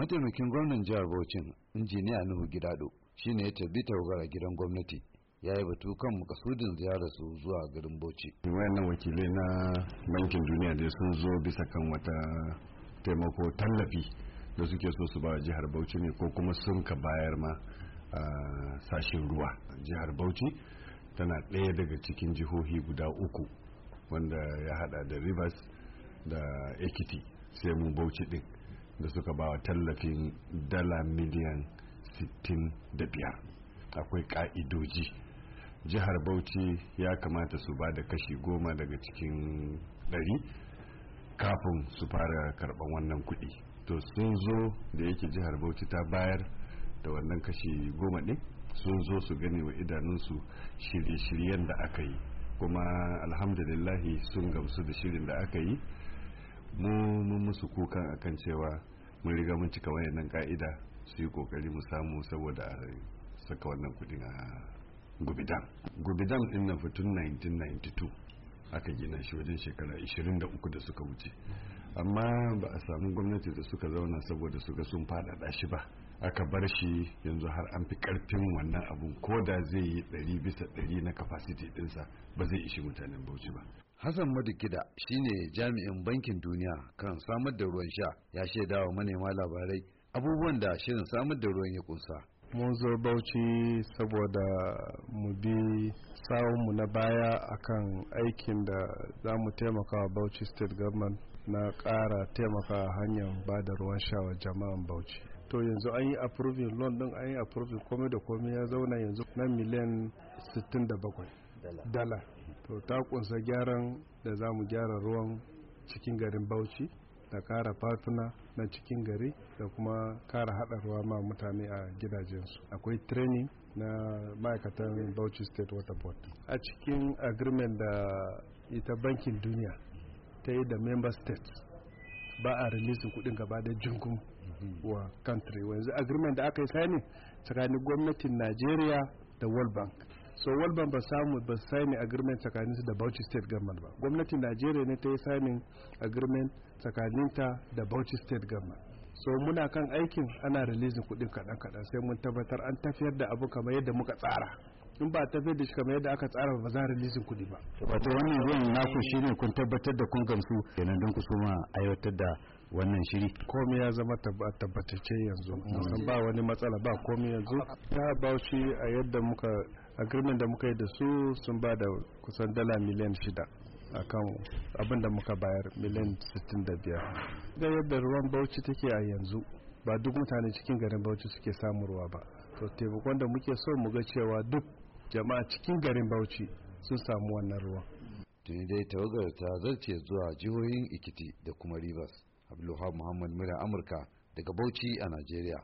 mataimakin gwamnan jihar bauchi injiniya Nuhu Gidado shine ya tabbi tawagar gidan gwamnati ya yi batu kan makasudin ziyarar su zuwa garin Bauchi. Wayannan wakilai na bankin duniya da sun zo bisa kan wata taimako tallafi da suke so su ba jihar Bauchi ne ko kuma sun ka bayar ma a sashen ruwa. Jihar Bauchi tana ɗaya daga cikin jihohi guda uku wanda ya hada da Rivers da Ekiti sai mu Bauchi ɗin. da suka ba wa tallafin dala miliyan 65 akwai ka'idoji jihar bauchi ya kamata su ba da kashi goma daga cikin ɗari kafin su fara karɓar wannan kuɗi to sun zo da yake jihar bauchi ta bayar da wannan kashi goma ɗin sun zo su gani wa idanunsu shirye-shiryen da aka yi kuma alhamdulillahi sun gamsu da shirin da aka yi mu mun musu kukan akan cewa mun riga mun cika wayannan ka'ida su yi kokari mu samu saboda a saka wannan kudin a gubidan gubidan din na fitun 1992 aka gina shi wajen shekara 23 da suka wuce amma ba a samu gwamnati da suka zauna saboda su ga sun faɗaɗa shi ba aka bar shi yanzu har an fi karfin wannan abun ko da zai yi ɗari bisa ɗari na capacity dinsa ba zai ishi mutanen bauchi ba Hassan madigida shine jami'in bankin duniya kan samar da ruwan sha ya shaida wa manema labarai abubuwan da shirin samar da ruwan ya kunsa. Mun zo Bauchi saboda mu bi mu na baya akan aikin da za mu taimaka wa Bauchi State Government na ƙara taimaka hanyar ba da ruwan sha wa jama'an Bauchi. to yanzu an yi approving loan din an yi approving komai da komai ya zauna yanzu na miliyan 67 dala to ta kunsa gyaran da za mu gyara ruwan cikin garin bauchi da kara fatuna na cikin gari da kuma kara ruwa ma mutane a gidajensu akwai training na ma'aikatan bauchi state water board a cikin agreement da ita bankin duniya ta yi da member states ba a releasing kudin gaba da jinkun wa country wanzu agreement da aka yi sani tsakanin gwamnatin Nigeria da world bank so walban ba samu ba signing agreement tsakanin su da Bauchi state government ba gwamnatin Najeriya ne ta yi signing agreement tsakaninta da Bauchi state government so muna kan aikin ana releasing kudin kadan kadan sai mun tabbatar an tafiyar da abu kamar yadda muka tsara in ba tafiyar da shi kamar yadda aka tsara ba za a rilisin kuɗi ba. wato wannan zuwan naku ne kun tabbatar da kun gamsu kenan don ku soma aiwatar da wannan shiri komai ya zama tabbatacce yanzu mm. musamman ba wani matsala ba komai yanzu ta bauchi a yadda muka agreement da muka yi da su sun ba da kusan dala miliyan shida kan abin da muka bayar miliyan 65 da yadda ruwan bauchi take a yanzu ba duk mutane cikin garin bauchi suke samun ba to taimakon da muke so mu ga cewa duk jama'a cikin garin bauchi sun samu wannan ruwan tuni dai tawagar ta zarce zuwa jihohin ikiti da kuma rivers abdulhamu muhammad mura amurka daga bauchi a najeriya